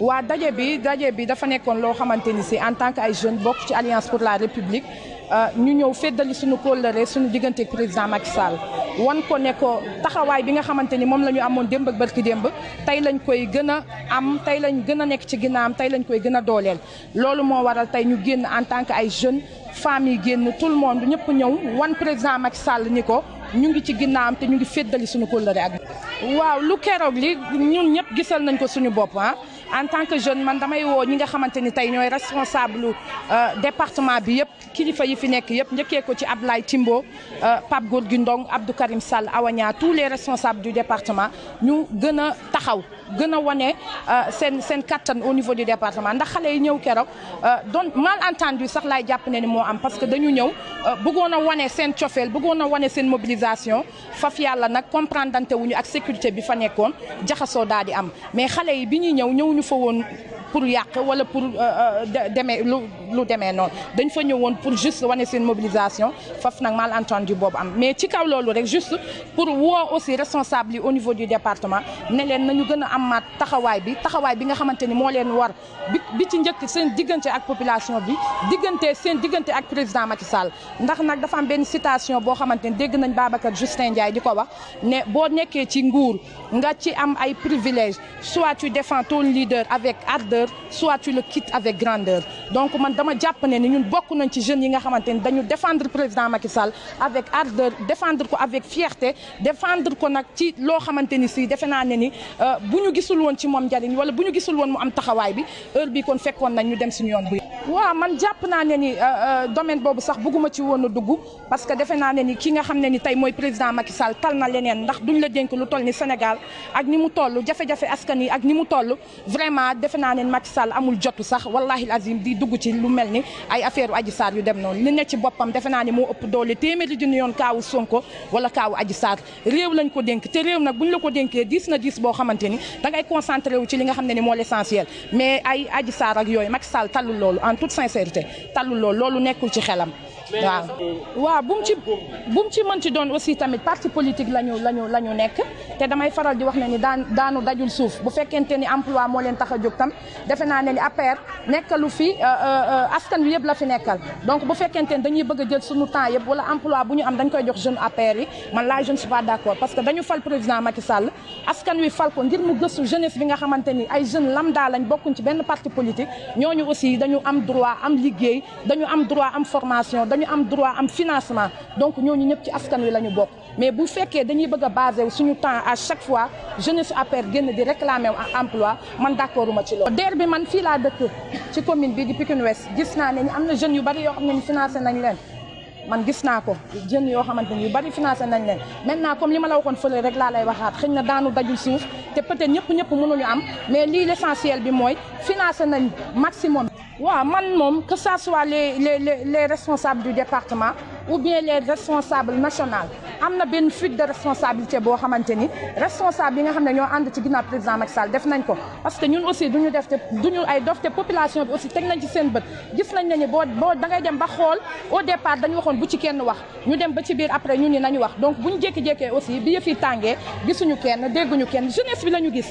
waa daje bi daje bi dafa nekkoon loo xamante ni si en tant que ay jeune bokk ci alliance pour la république euh, ñu ñëw feddali suñu kóllëre suñu diggante président Macky Sall wan ko ne ko taxawaay bi nga xamante ni moom la ñu amoon démb ak barki démb tey lañ koy gën a am tey lañ gën a nekk ci ginnaam tey lañu koy gën a dooleel loolu moo waral tey ñu génn en tant que ay jeune femmes yi génn tout le monde ñëpp ñëw wan président Macky sàll ni ko ñu ngi ci ginnaawam te ñu ngi feddali suñu kóllëre ak waaw lu keroog ñëpp gisal nañ ko suñu bopp ah en tant que jeune man damay woo ñi nga xamante ni tey ñooy responsable euh, département bi yëpp kilifa yi fi nekk yëpp njëkkee ko ci Ablaye Timbo euh, Pape Gorgui Ndong Abdou Karim Sall awañaa tous les responsables du département ñu gën a taxaw gën a wane euh, seen seen kattan au niveau du département ndax xale yi ñëw keroog euh, doon malentendu sax laay jàpp ne ni moo am parce que dañu ñëw euh, bëggoon wane seen cofeel bëggoon a wane seen mobilisation faf yàlla nag comprendre dante wuñu ak sécurité bi fa nekkoon jaxasoo daal di am mais xale yi bi ñuy ñëw ñëwuñu fa woon pour yàq wala pour euh, euh, demee lu lu demee noonu dañ fa ñëwoon pour juste wane seen mobilisation faf nag malentendu boobu am mais ci kaw loolu rek juste pour woo aussi responsable yi au niveau du département ne leen nañu gën a amaat taxawaay bi taxawaay bi nga xamante ni moo leen war bi ci njëkk seen diggante ak population bi diggante seen diggante ak président Macky ndax nag dafa am benn citation boo xamante ni dégg nañ Babacar Justin Ndiaye di ko wax ne boo nekkee ci nguur nga ci am ay privilèges soit tu défends ton leader avec ardeur soit tu le quittes avec grandeur donc man dama jàpp ne ni ñun bokk nañ ci jeunes yi nga xamante ni dañu défendre président Macky Sall avec ardeur défendre ko avec fierté défendre ko nag ci loo xamante ni si defe naa ne ni euh, bu ñu gisul woon ci moom njariñ wala bu ñu gisul woon mu am taxawaay bi heure bi kon fekkoon nañ ñu dem suñu yoon bu waaw man jàpp naa ne ni euh, euh, domaine boobu sax bëgguma ci woon a dugg parce que defe naa ne ni ki nga xam ne ni tey mooy président Macky Sall tal na leneen ndax duñ la dénk lu toll ni Sénégal ak ni mu toll jafe-jafe askan yi ak ni mu toll vraiment defe naa ne Macky Sall amul jotu sax wallahi azim di dugg ci lu mel ni ay affaire Adji Sarr yu dem noonu li ne ci boppam defe naa ne moo ëpp doole téeméeri junni yoon kaawu Sonko wala kaawu Adji Sarr réew lañ ko dénk te réew nag buñ la ko dénkee diis na diis boo xamante ni da ngay concentré wu ci li nga xam ne ni moo l'essentiel mais ay Adji Sarr ak yooyu Macky Sall talul loolu toute sincérité tallu loolu loolu nekkul ci xelam waaw euh, waaw bu mu ci bu mu ci mën ci doon aussi tamit parti politique la ñu la ñu la ñu nekk te damay faral di wax ne ni daan daanu dajul suuf bu fekkente ni emploi moo leen tax a jóg tam defe naa ne ni APR nekkalu fi euh, euh, askan wi yëpp la fi nekkal donc bu fekkente ni dañuy bëgg jël suñu temps yëpp wala emploi bu ñu am koy jox jeune APR yi man laa je ne pas d'accord parce que dañu fal président Macky Sall askan wi fal ko ngir mu gëstu jeunesse bi nga xamante ni ay jeune lambda lañ bokkuñ ci benn parti politique ñu aussi dañu am droit am liggéey dañu am droit am formation dañu am droit am financement donc ñooñu ñëpp ci askan wi la ñu bokk mais bu fekkee dañuy bëgg a basé wu suñu temps à chaque fois jeunesse APR génn di réclamer wu emploi man d' accord uma ci loolu. DER man fii laa dëkk ci commune bi di Pikine Ouest gis naa ne am na jeunes yu bari yoo xam ne ñu financé nañ leen. man gis naa ko jeunes yoo xamante ni yu bari financé nañ leen maintenant comme li ma la waxoon fële rek laa lay waxaat xëñ na daanu dajul suuf te peut-être ñëpp ñëpp mënuñu am mais lii l'essentiel mooy financé nañ maximum. waaw man moom que sa soi les les les responsables du département ou bien les responsables nationaux am na benn fuite de responsabilité boo xamante ni responsable yi nga xam ne ñoo ànd ci ginnaaw président Macky Sall def nañ ko. parce que ñun aussi duñu def te ñu ay dof population bi aussi teg nañ ci seen bët gis nañ ne ni boo boo dangay dem ba xool au départ dañu waxoon bu ci kenn wax ñu dem ba ci biir après ñu ni nañu wax donc buñu jékki-jékkee aussi bi yëf yi tàngee gisuñu kenn dégguñu kenn jeunesse bi lañu gis.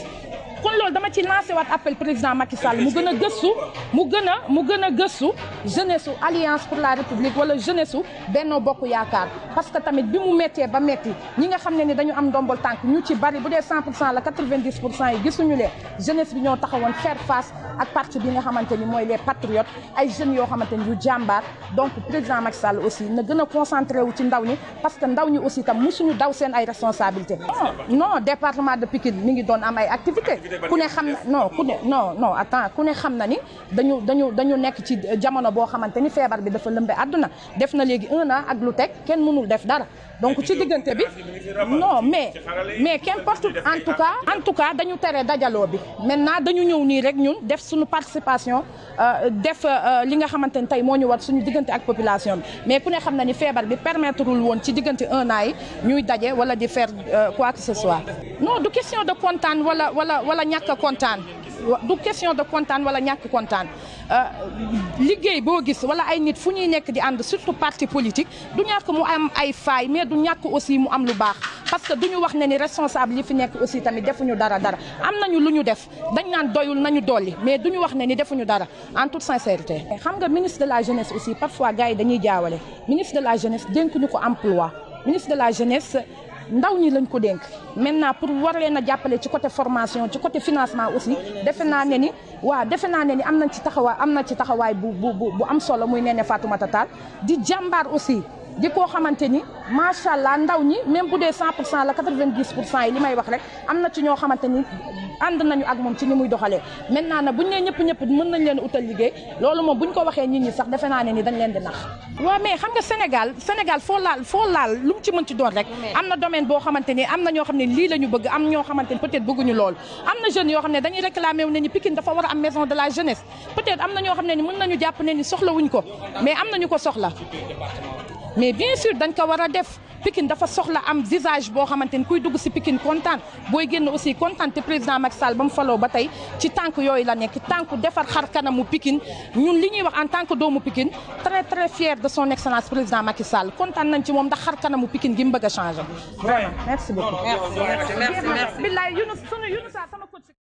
kon loolu dama ci lancé waat appel président Macky Sall mu gën a gëstu mu gën a mu gën gëstu jeunesse su alliance pour la république wala jeunesse su Benno Bokk Yaakaar parce que tamit bi mu méttee ba métti ñi nga xam ne ni dañu am ndombol tànk ñu ci bari bu dee 100 pour cent la 90 pour cent yi gisuñu leen jeunesse bi ñoo taxawoon faire face ak parti bi nga xamante ni mooy le patriotes ay jeunes yoo xamante ni yu jàmbaar donc président Macky Sall aussi na gën a concentré wu ci ndaw ñi parce que ndaw ñi aussi tam musuñu daw seen ay responsabilité ah. non département de ngi doon am ay ku ne xam na non ku ne non non attends ku ne xam na ni dañu dañu dañu nekk ci jamono boo xamante ni feebar bi dafa lëmbe àdduna def na léegi un an ak lu teg kenn mënul def dara donc ci diggante bi non mais mais qu'importe en tout cas en tout cas dañu tere dajaloo bi maintenant dañu ñëw nii rek ñun def suñu participation euh, def euh, li nga xamante ni tey moo ñu war suñu diggante ak population bi mais ku ne xam na ni feebar bi permettrewul woon ci diggante un an yi ñuy daje wala di faire euh, quoi que ce soit non du question de kontaan wala wala wala ñàkk kontaan du question de kontaan wala ñàkk kontaan euh, liggéey boo gis wala ay nit fu ñuy nekk di ànd surtout parti politique du ñàkk mu am ay faay mais du ñàkk aussi mu am lu baax parce que duñu wax ne ni responsable yi fi nekk aussi tamit ñu dara dara am nañu lu ñu def dañ naan doyul nañu dolli mais duñu wax ne ni defuñu dara en toute sincérité. xam nga ministre de la jeunesse aussi parfois gars yi dañuy jaawale ministre de la jeunesse dénkuñu ko emploi ministre de ndaw ñi lañ ko dénk maintenant pour war leen a jàppale ci côté formation ci côté financement aussi defe naa ne ni waaw defe naa ne ni am nañ ci taxawaay am na ci taxawaay bu bu bu am solo muy Néné Fatoumata Tall di jàmbaar aussi di koo xamante ni macha allah ndaw ñi même bu dee 100 pour cent la 90 pour cent yi li may wax rek am na ci ñoo xamante ni ànd nañu ak moom ci ni muy doxalee maintenant nag buñ nee ñëpp ñëpp mën nañ leen utal liggéey loolu moom buñ ko waxee nit ñi sax defe naa ni dañ leen di nax waaw mais xam nga Sénégal Sénégal foo laal foo ci mën ci doon rek am na domaine boo xamante ni am na ñoo xam ne lii la bëgg am ñoo xamante ni peut-être bëgguñu lool am na jeunes yoo xam ne dañuy a am def Pikine dafa soxla am visage boo xamante ni kuy dugg si Pikine kontaan booy génn aussi kontaan te président Macky Sall ba mu faloo ba tey ci tànk yooyu la nekk tànk defar xar kanamu Pikine ñun li ñuy wax en tant que doomu Pikine très très fier de son excellence président Macky Sall kontaan nañ ci moom ndax xar kanamu mu bëgg a changé. vraiment merci beaucoup. merci merci merci. billaay Younousa sama ah, coach.